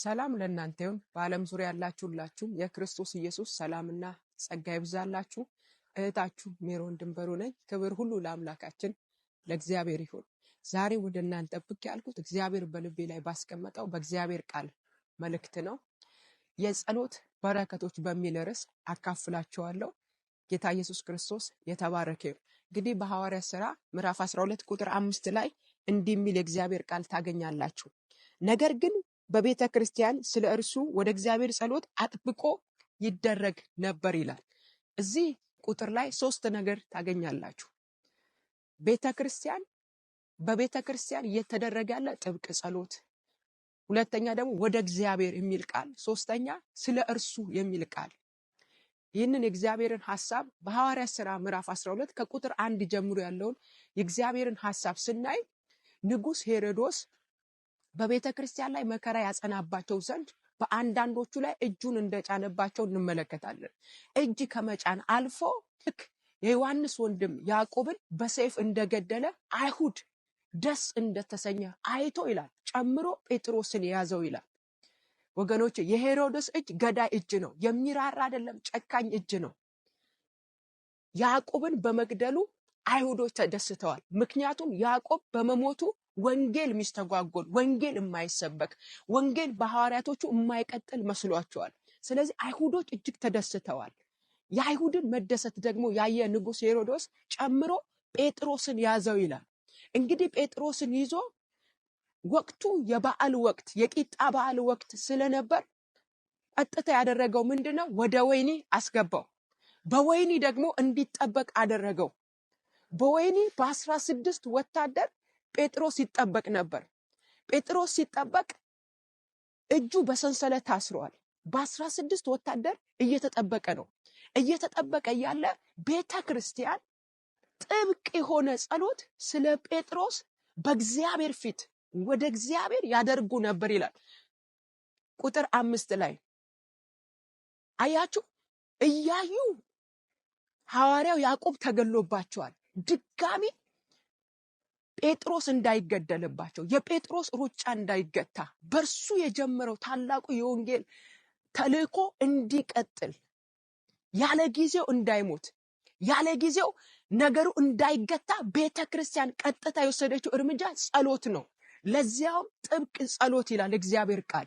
ሰላም ለእናንተ ይሁን። በዓለም ዙሪያ ያላችሁ ሁላችሁም የክርስቶስ ኢየሱስ ሰላምና ጸጋ ይብዛላችሁ። እህታችሁ ሜሮን ድንበሩ ነኝ። ክብር ሁሉ ለአምላካችን ለእግዚአብሔር ይሁን። ዛሬ ወደ እናንተ ብቅ ያልኩት እግዚአብሔር በልቤ ላይ ባስቀመጠው በእግዚአብሔር ቃል መልእክት ነው። የጸሎት በረከቶች በሚል ርዕስ አካፍላችኋለሁ። ጌታ ኢየሱስ ክርስቶስ የተባረከ ይሁን። እንግዲህ በሐዋርያ ሥራ ምዕራፍ 12 ቁጥር አምስት ላይ እንዲህ የሚል የእግዚአብሔር ቃል ታገኛላችሁ። ነገር ግን በቤተ ክርስቲያን ስለ እርሱ ወደ እግዚአብሔር ጸሎት አጥብቆ ይደረግ ነበር ይላል። እዚህ ቁጥር ላይ ሶስት ነገር ታገኛላችሁ። ቤተ ክርስቲያን በቤተ ክርስቲያን እየተደረገ ያለ ጥብቅ ጸሎት፣ ሁለተኛ ደግሞ ወደ እግዚአብሔር የሚል ቃል፣ ሶስተኛ ስለ እርሱ የሚል ቃል። ይህንን የእግዚአብሔርን ሀሳብ በሐዋርያ ስራ ምዕራፍ 12 ከቁጥር አንድ ጀምሮ ያለውን የእግዚአብሔርን ሀሳብ ስናይ ንጉስ ሄሮዶስ በቤተ ክርስቲያን ላይ መከራ ያጸናባቸው ዘንድ በአንዳንዶቹ ላይ እጁን እንደጫነባቸው እንመለከታለን። እጅ ከመጫን አልፎ ልክ የዮሐንስ ወንድም ያዕቆብን በሰይፍ እንደገደለ አይሁድ ደስ እንደተሰኘ አይቶ ይላል ጨምሮ ጴጥሮስን የያዘው ይላል። ወገኖች የሄሮድስ እጅ ገዳይ እጅ ነው። የሚራራ አይደለም፣ ጨካኝ እጅ ነው። ያዕቆብን በመግደሉ አይሁዶች ተደስተዋል። ምክንያቱም ያዕቆብ በመሞቱ ወንጌል የሚስተጓጎል ወንጌል የማይሰበክ ወንጌል በሐዋርያቶቹ የማይቀጥል መስሏቸዋል። ስለዚህ አይሁዶች እጅግ ተደስተዋል። የአይሁድን መደሰት ደግሞ ያየ ንጉሥ ሄሮዶስ ጨምሮ ጴጥሮስን ያዘው ይላል። እንግዲህ ጴጥሮስን ይዞ ወቅቱ የበዓል ወቅት የቂጣ በዓል ወቅት ስለነበር ቀጥታ ያደረገው ምንድነው? ወደ ወይኒ አስገባው። በወይኒ ደግሞ እንዲጠበቅ አደረገው። በወይኒ በአስራ ስድስት ወታደር ጴጥሮስ ይጠበቅ ነበር። ጴጥሮስ ሲጠበቅ እጁ በሰንሰለት ታስሯል። በአስራ ስድስት ወታደር እየተጠበቀ ነው። እየተጠበቀ ያለ ቤተ ክርስቲያን ጥብቅ የሆነ ጸሎት ስለ ጴጥሮስ በእግዚአብሔር ፊት ወደ እግዚአብሔር ያደርጉ ነበር ይላል። ቁጥር አምስት ላይ አያችሁ፣ እያዩ ሐዋርያው ያዕቆብ ተገሎባቸዋል። ድጋሚ ጴጥሮስ እንዳይገደልባቸው የጴጥሮስ ሩጫ እንዳይገታ በእርሱ የጀመረው ታላቁ የወንጌል ተልእኮ እንዲቀጥል ያለ ጊዜው እንዳይሞት ያለ ጊዜው ነገሩ እንዳይገታ ቤተ ክርስቲያን ቀጥታ የወሰደችው እርምጃ ጸሎት ነው። ለዚያውም ጥብቅ ጸሎት ይላል እግዚአብሔር ቃል።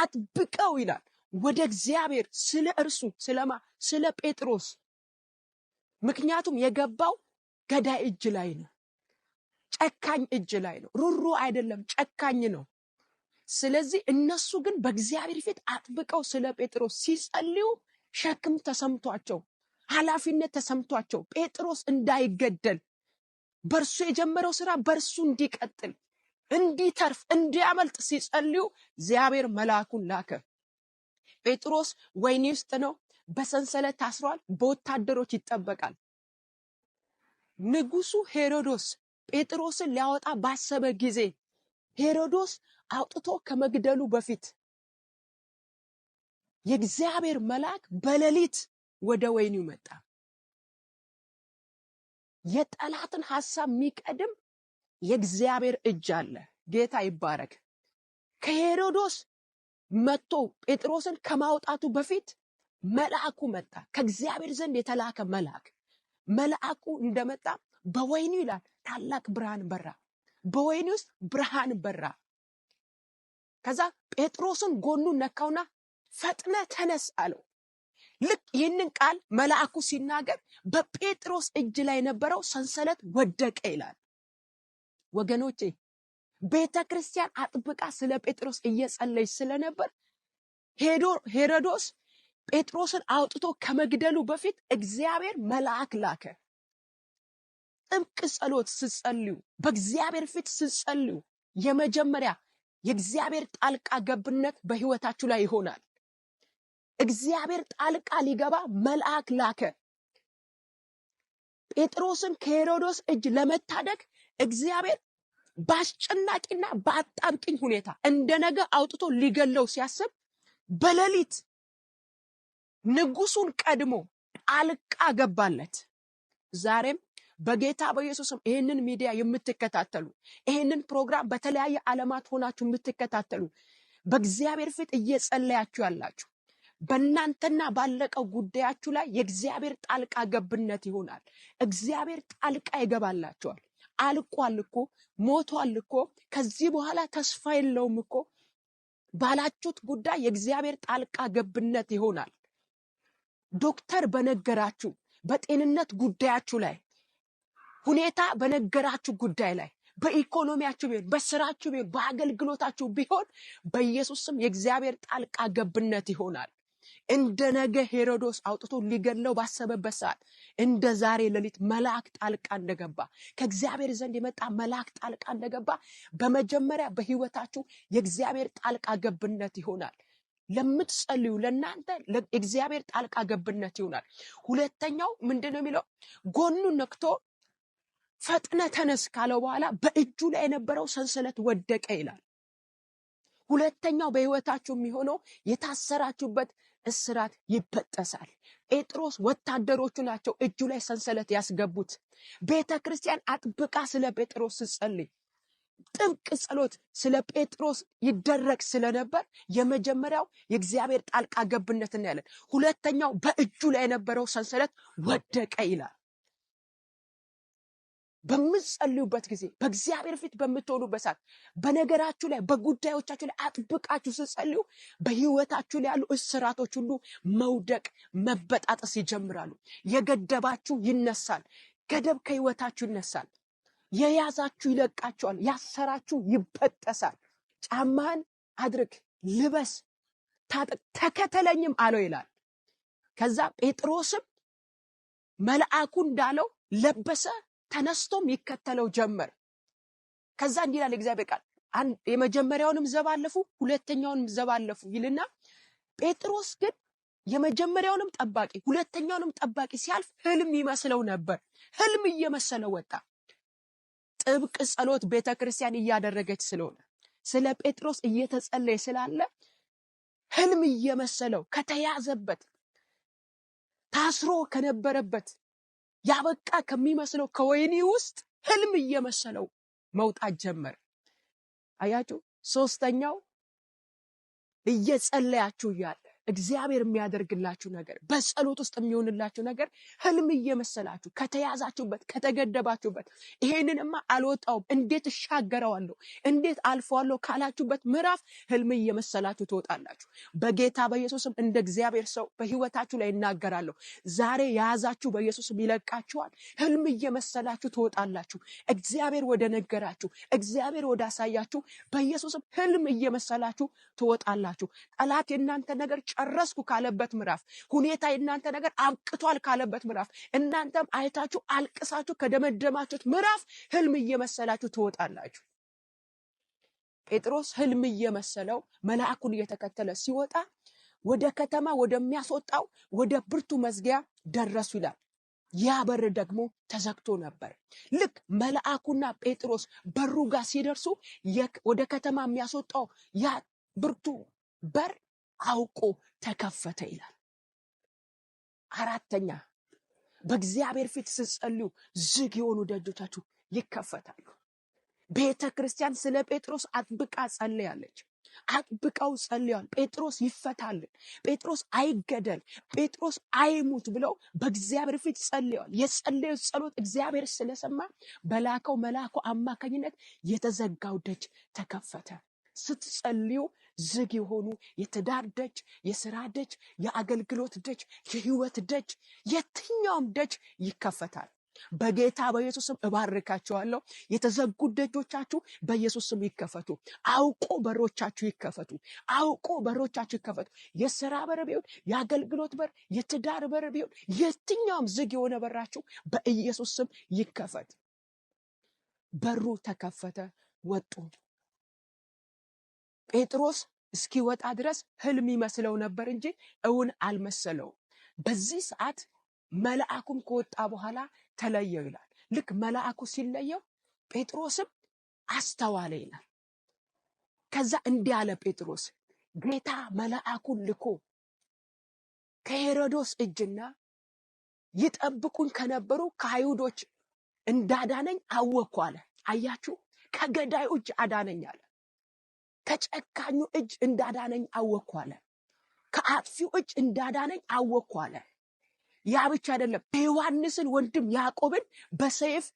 አጥብቀው ይላል ወደ እግዚአብሔር ስለ እርሱ ስለማ ስለ ጴጥሮስ። ምክንያቱም የገባው ገዳይ እጅ ላይ ነው። ጨካኝ እጅ ላይ ነው። ሩሩ አይደለም፣ ጨካኝ ነው። ስለዚህ እነሱ ግን በእግዚአብሔር ፊት አጥብቀው ስለ ጴጥሮስ ሲጸልዩ ሸክም ተሰምቷቸው፣ ኃላፊነት ተሰምቷቸው ጴጥሮስ እንዳይገደል በእርሱ የጀመረው ስራ በእርሱ እንዲቀጥል እንዲተርፍ እንዲያመልጥ ሲጸልዩ እግዚአብሔር መልአኩን ላከ። ጴጥሮስ ወህኒ ውስጥ ነው፣ በሰንሰለት ታስሯል፣ በወታደሮች ይጠበቃል። ንጉሱ ሄሮዶስ ጴጥሮስን ሊያወጣ ባሰበ ጊዜ ሄሮዶስ አውጥቶ ከመግደሉ በፊት የእግዚአብሔር መልአክ በሌሊት ወደ ወይኒው መጣ። የጠላትን ሐሳብ የሚቀድም የእግዚአብሔር እጅ አለ። ጌታ ይባረክ። ከሄሮዶስ መጥቶ ጴጥሮስን ከማውጣቱ በፊት መልአኩ መጣ። ከእግዚአብሔር ዘንድ የተላከ መልአክ መልአኩ እንደመጣ በወይኒው ይላል ታላቅ ብርሃን በራ። በወይኒ ውስጥ ብርሃን በራ። ከዛ ጴጥሮስን ጎኑ ነካውና ፈጥነ ተነስ አለው። ልክ ይህንን ቃል መልአኩ ሲናገር በጴጥሮስ እጅ ላይ የነበረው ሰንሰለት ወደቀ ይላል። ወገኖቼ ቤተ ክርስቲያን አጥብቃ ስለ ጴጥሮስ እየጸለች ስለነበር ሄሮዶስ ጴጥሮስን አውጥቶ ከመግደሉ በፊት እግዚአብሔር መልአክ ላከ። ጥብቅ ጸሎት ስጸልዩ፣ በእግዚአብሔር ፊት ስጸልዩ የመጀመሪያ የእግዚአብሔር ጣልቃ ገብነት በህይወታችሁ ላይ ይሆናል። እግዚአብሔር ጣልቃ ሊገባ መልአክ ላከ። ጴጥሮስን ከሄሮዶስ እጅ ለመታደግ እግዚአብሔር በአስጨናቂና በአጣብቅኝ ሁኔታ እንደ ነገ አውጥቶ ሊገለው ሲያስብ በሌሊት ንጉሱን ቀድሞ ጣልቃ ገባለት። ዛሬም በጌታ በኢየሱስም ይህንን ሚዲያ የምትከታተሉ ይህንን ፕሮግራም በተለያየ ዓለማት ሆናችሁ የምትከታተሉ በእግዚአብሔር ፊት እየጸለያችሁ ያላችሁ በእናንተና ባለቀው ጉዳያችሁ ላይ የእግዚአብሔር ጣልቃ ገብነት ይሆናል። እግዚአብሔር ጣልቃ ይገባላቸዋል። አልቋል እኮ ሞቷል እኮ ከዚህ በኋላ ተስፋ የለውም እኮ ባላችሁት ጉዳይ የእግዚአብሔር ጣልቃ ገብነት ይሆናል። ዶክተር በነገራችሁ በጤንነት ጉዳያችሁ ላይ ሁኔታ በነገራችሁ ጉዳይ ላይ በኢኮኖሚያችሁ ቢሆን በስራችሁ ቢሆን በአገልግሎታችሁ ቢሆን በኢየሱስም የእግዚአብሔር ጣልቃ ገብነት ይሆናል። እንደ ነገ ሄሮዶስ አውጥቶ ሊገለው ባሰበበት ሰዓት እንደ ዛሬ ሌሊት መልአክ ጣልቃ እንደገባ ከእግዚአብሔር ዘንድ የመጣ መልአክ ጣልቃ እንደገባ በመጀመሪያ በህይወታችሁ የእግዚአብሔር ጣልቃ ገብነት ይሆናል። ለምትጸልዩ ለእናንተ እግዚአብሔር ጣልቃ ገብነት ይሆናል። ሁለተኛው ምንድን ነው የሚለው? ጎኑ ነክቶ ፈጥነ ተነስ ካለው በኋላ በእጁ ላይ የነበረው ሰንሰለት ወደቀ ይላል። ሁለተኛው በህይወታችሁ የሚሆነው የታሰራችሁበት እስራት ይበጠሳል። ጴጥሮስ ወታደሮቹ ናቸው እጁ ላይ ሰንሰለት ያስገቡት። ቤተ ክርስቲያን አጥብቃ ስለ ጴጥሮስ ስጸልይ ጥብቅ ጸሎት ስለ ጴጥሮስ ይደረግ ስለነበር የመጀመሪያው የእግዚአብሔር ጣልቃ ገብነት እናያለን። ሁለተኛው በእጁ ላይ የነበረው ሰንሰለት ወደቀ ይላል። በምትጸልዩበት ጊዜ በእግዚአብሔር ፊት በምትሆኑበት ሰዓት በነገራችሁ ላይ በጉዳዮቻችሁ ላይ አጥብቃችሁ ስጸልዩ በህይወታችሁ ላይ ያሉ እስራቶች ሁሉ መውደቅ፣ መበጣጠስ ይጀምራሉ። የገደባችሁ ይነሳል። ገደብ ከህይወታችሁ ይነሳል። የያዛችሁ ይለቃችኋል። ያሰራችሁ ይበጠሳል። ጫማህን አድርግ፣ ልበስ፣ ታጠቅ፣ ተከተለኝም አለው ይላል። ከዛ ጴጥሮስም መልአኩ እንዳለው ለበሰ፣ ተነስቶም ይከተለው ጀመር። ከዛ እንዲህ ይላል እግዚአብሔር ቃል የመጀመሪያውንም ዘብ አለፉ፣ ሁለተኛውንም ዘብ አለፉ ይልና ጴጥሮስ ግን የመጀመሪያውንም ጠባቂ ሁለተኛውንም ጠባቂ ሲያልፍ ህልም ይመስለው ነበር። ህልም እየመሰለው ወጣ። ጥብቅ ጸሎት ቤተ ክርስቲያን እያደረገች ስለሆነ ስለ ጴጥሮስ እየተጸለየ ስላለ ህልም እየመሰለው ከተያዘበት ታስሮ ከነበረበት ያበቃ ከሚመስለው ከወይኒ ውስጥ ህልም እየመሰለው መውጣት ጀመር። አያችሁ፣ ሶስተኛው እየጸለያችሁ እያለ እግዚአብሔር የሚያደርግላችሁ ነገር በጸሎት ውስጥ የሚሆንላችሁ ነገር ህልም እየመሰላችሁ ከተያዛችሁበት ከተገደባችሁበት ይሄንንማ አልወጣውም እንዴት እሻገረዋለሁ እንዴት አልፈዋለሁ ካላችሁበት ምዕራፍ ህልም እየመሰላችሁ ትወጣላችሁ። በጌታ በኢየሱስም እንደ እግዚአብሔር ሰው በህይወታችሁ ላይ እናገራለሁ። ዛሬ የያዛችሁ በኢየሱስም ይለቃችኋል። ህልም እየመሰላችሁ ትወጣላችሁ። እግዚአብሔር ወደ ነገራችሁ፣ እግዚአብሔር ወደ አሳያችሁ በኢየሱስም ህልም እየመሰላችሁ ትወጣላችሁ። ጠላት የእናንተ ነገር ጨረስኩ ካለበት ምዕራፍ ሁኔታ የእናንተ ነገር አብቅቷል ካለበት ምዕራፍ እናንተም አይታችሁ አልቅሳችሁ ከደመደማችሁት ምዕራፍ ህልም እየመሰላችሁ ትወጣላችሁ። ጴጥሮስ ህልም እየመሰለው መልአኩን እየተከተለ ሲወጣ ወደ ከተማ ወደሚያስወጣው ወደ ብርቱ መዝጊያ ደረሱ ይላል። ያ በር ደግሞ ተዘግቶ ነበር። ልክ መልአኩና ጴጥሮስ በሩ ጋር ሲደርሱ ወደ ከተማ የሚያስወጣው ያ ብርቱ በር አውቆ ተከፈተ ይላል። አራተኛ በእግዚአብሔር ፊት ስጸልዩ ዝግ የሆኑ ደጆቻችሁ ይከፈታሉ። ቤተ ክርስቲያን ስለ ጴጥሮስ አጥብቃ ጸልያለች። አጥብቀው ጸልያል። ጴጥሮስ ይፈታልን፣ ጴጥሮስ አይገደል፣ ጴጥሮስ አይሙት ብለው በእግዚአብሔር ፊት ጸልያል። የጸለዩት ጸሎት እግዚአብሔር ስለሰማ በላከው መልአኩ አማካኝነት የተዘጋው ደጅ ተከፈተ። ስትጸልዩ ዝግ የሆኑ የትዳር ደጅ፣ የስራ ደጅ፣ የአገልግሎት ደጅ፣ የህይወት ደጅ፣ የትኛውም ደጅ ይከፈታል። በጌታ በኢየሱስም ስም እባርካችኋለሁ። የተዘጉ ደጆቻችሁ በኢየሱስም ይከፈቱ። አውቆ በሮቻችሁ ይከፈቱ። አውቆ በሮቻችሁ ይከፈቱ። የስራ በር ቢሆን፣ የአገልግሎት በር፣ የትዳር በር ቢሆን፣ የትኛውም ዝግ የሆነ በራችሁ በኢየሱስም ይከፈት። በሩ ተከፈተ፣ ወጡ። ጴጥሮስ እስኪወጣ ድረስ ህልም ይመስለው ነበር እንጂ እውን አልመሰለውም። በዚህ ሰዓት መልአኩም ከወጣ በኋላ ተለየው ይላል። ልክ መልአኩ ሲለየው ጴጥሮስም አስተዋለ ይላል። ከዛ እንዲህ አለ ጴጥሮስ ጌታ መልአኩን ልኮ ከሄሮዶስ እጅና ይጠብቁኝ ከነበሩ ከአይሁዶች እንዳዳነኝ አወኩ አለ። አያችሁ፣ ከገዳዩ እጅ አዳነኝ አለ። ከጨካኙ እጅ እንዳዳነኝ አወቅኩ አለ። ከአጥፊው እጅ እንዳዳነኝ አወቅኩ አለ። ያ ብቻ አይደለም። የዮሐንስን ወንድም ያዕቆብን በሰይፍ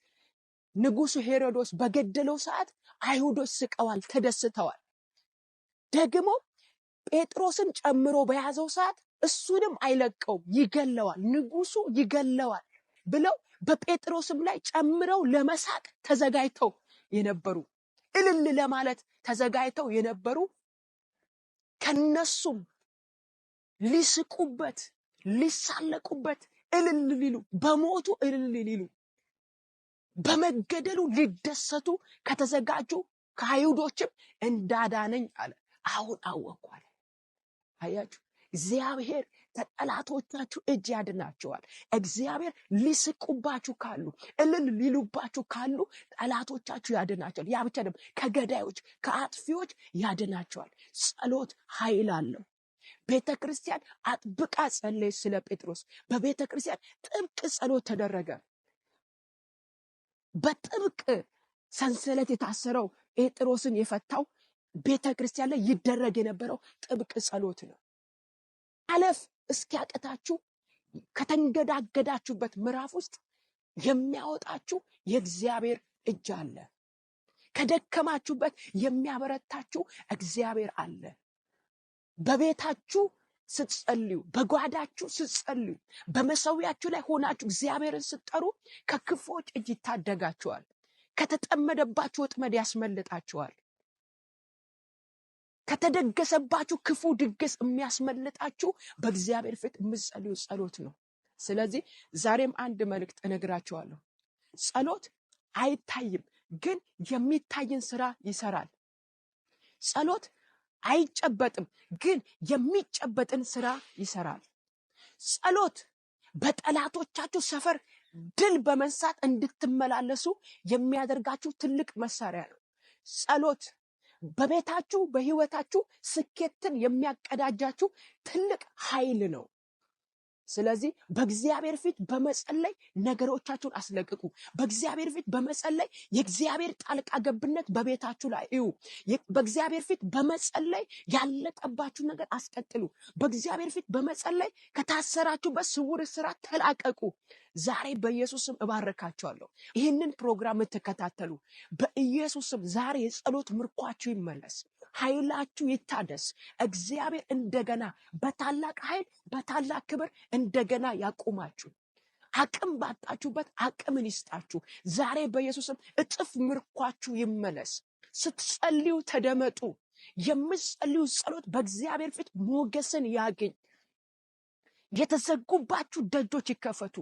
ንጉሱ ሄሮዶስ በገደለው ሰዓት አይሁዶች ስቀዋል፣ ተደስተዋል። ደግሞ ጴጥሮስን ጨምሮ በያዘው ሰዓት እሱንም አይለቀውም፣ ይገለዋል፣ ንጉሱ ይገለዋል ብለው በጴጥሮስም ላይ ጨምረው ለመሳቅ ተዘጋጅተው የነበሩ እልል ለማለት ተዘጋጅተው የነበሩ ከነሱም ሊስቁበት፣ ሊሳለቁበት፣ እልል ሊሉ በሞቱ እልል ሊሉ በመገደሉ ሊደሰቱ ከተዘጋጁ ከአይሁዶችም እንዳዳነኝ አለ። አሁን አወቅኩ አለ። አያችሁ እግዚአብሔር ከጠላቶቻችሁ እጅ ያድናቸዋል። እግዚአብሔር ሊስቁባችሁ ካሉ እልል ሊሉባችሁ ካሉ ጠላቶቻችሁ ያድናቸዋል። ያ ብቻ ከገዳዮች ከአጥፊዎች ያድናቸዋል። ጸሎት ኃይል አለው። ቤተ ክርስቲያን አጥብቃ ጸለይ። ስለ ጴጥሮስ በቤተ ክርስቲያን ጥብቅ ጸሎት ተደረገ። በጥብቅ ሰንሰለት የታሰረው ጴጥሮስን የፈታው ቤተ ክርስቲያን ላይ ይደረግ የነበረው ጥብቅ ጸሎት ነው። ማለፍ እስኪያቀታችሁ ከተንገዳገዳችሁበት ምዕራፍ ውስጥ የሚያወጣችሁ የእግዚአብሔር እጅ አለ። ከደከማችሁበት የሚያበረታችሁ እግዚአብሔር አለ። በቤታችሁ ስትጸልዩ፣ በጓዳችሁ ስትጸልዩ፣ በመሰዊያችሁ ላይ ሆናችሁ እግዚአብሔርን ስትጠሩ ከክፎች እጅ ይታደጋችኋል። ከተጠመደባችሁ ወጥመድ ያስመልጣችኋል። ከተደገሰባችሁ ክፉ ድግስ የሚያስመልጣችሁ በእግዚአብሔር ፊት የምትጸልዩ ጸሎት ነው። ስለዚህ ዛሬም አንድ መልእክት እነግራችኋለሁ። ጸሎት አይታይም፣ ግን የሚታይን ስራ ይሰራል። ጸሎት አይጨበጥም፣ ግን የሚጨበጥን ስራ ይሰራል። ጸሎት በጠላቶቻችሁ ሰፈር ድል በመንሳት እንድትመላለሱ የሚያደርጋችሁ ትልቅ መሳሪያ ነው። ጸሎት በቤታችሁ በህይወታችሁ ስኬትን የሚያቀዳጃችሁ ትልቅ ኃይል ነው። ስለዚህ በእግዚአብሔር ፊት በመጸለይ ነገሮቻችሁን አስለቅቁ። በእግዚአብሔር ፊት በመጸለይ የእግዚአብሔር ጣልቃ ገብነት በቤታችሁ ላይ እዩ። በእግዚአብሔር ፊት በመጸለይ ያለቀባችሁ ነገር አስቀጥሉ። በእግዚአብሔር ፊት በመጸለይ ከታሰራችሁበት ስውር ስራ ተላቀቁ። ዛሬ በኢየሱስም ስም ይህንን ፕሮግራም የምትከታተሉ በኢየሱስም ዛሬ የጸሎት ምርኳችሁ ይመለስ። ኃይላችሁ ይታደስ። እግዚአብሔር እንደገና በታላቅ ኃይል በታላቅ ክብር እንደገና ያቁማችሁ። አቅም ባጣችሁበት አቅምን ይስጣችሁ። ዛሬ በኢየሱስም እጥፍ ምርኳችሁ ይመለስ። ስትጸልዩ ተደመጡ። የምትጸልዩ ጸሎት በእግዚአብሔር ፊት ሞገስን ያግኝ። የተዘጉባችሁ ደጆች ይከፈቱ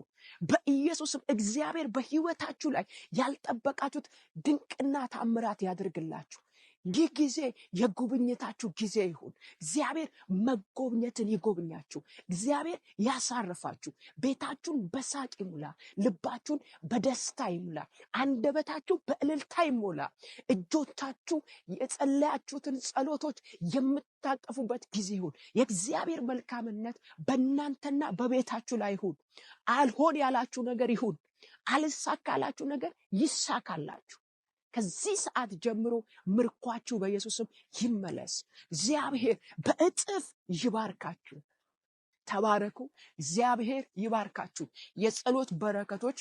በኢየሱስም። እግዚአብሔር በሕይወታችሁ ላይ ያልጠበቃችሁት ድንቅና ታምራት ያድርግላችሁ። ይህ ጊዜ የጉብኝታችሁ ጊዜ ይሁን። እግዚአብሔር መጎብኘትን ይጎብኛችሁ። እግዚአብሔር ያሳርፋችሁ። ቤታችሁን በሳቅ ይሙላ። ልባችሁን በደስታ ይሙላ። አንደበታችሁ በእልልታ ይሞላ። እጆቻችሁ የጸለያችሁትን ጸሎቶች የምታቀፉበት ጊዜ ይሁን። የእግዚአብሔር መልካምነት በእናንተና በቤታችሁ ላይ ይሁን። አልሆን ያላችሁ ነገር ይሁን። አልሳካላችሁ ነገር ይሳካላችሁ። ከዚህ ሰዓት ጀምሮ ምርኳችሁ በኢየሱስም ይመለስ። እግዚአብሔር በእጥፍ ይባርካችሁ። ተባረኩ። እግዚአብሔር ይባርካችሁ። የጸሎት በረከቶች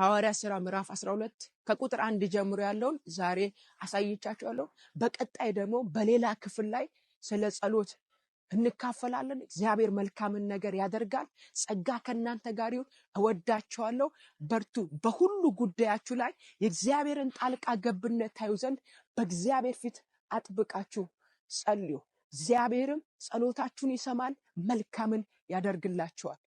ሐዋርያ ስራ ምዕራፍ 12 ከቁጥር አንድ ጀምሮ ያለውን ዛሬ አሳይቻችኋለሁ። በቀጣይ ደግሞ በሌላ ክፍል ላይ ስለ ጸሎት እንካፈላለን። እግዚአብሔር መልካምን ነገር ያደርጋል። ጸጋ ከእናንተ ጋር ይሁን። እወዳቸዋለሁ። በርቱ። በሁሉ ጉዳያችሁ ላይ የእግዚአብሔርን ጣልቃ ገብነት ታዩ ዘንድ በእግዚአብሔር ፊት አጥብቃችሁ ጸልዩ። እግዚአብሔርም ጸሎታችሁን ይሰማል፣ መልካምን ያደርግላችኋል።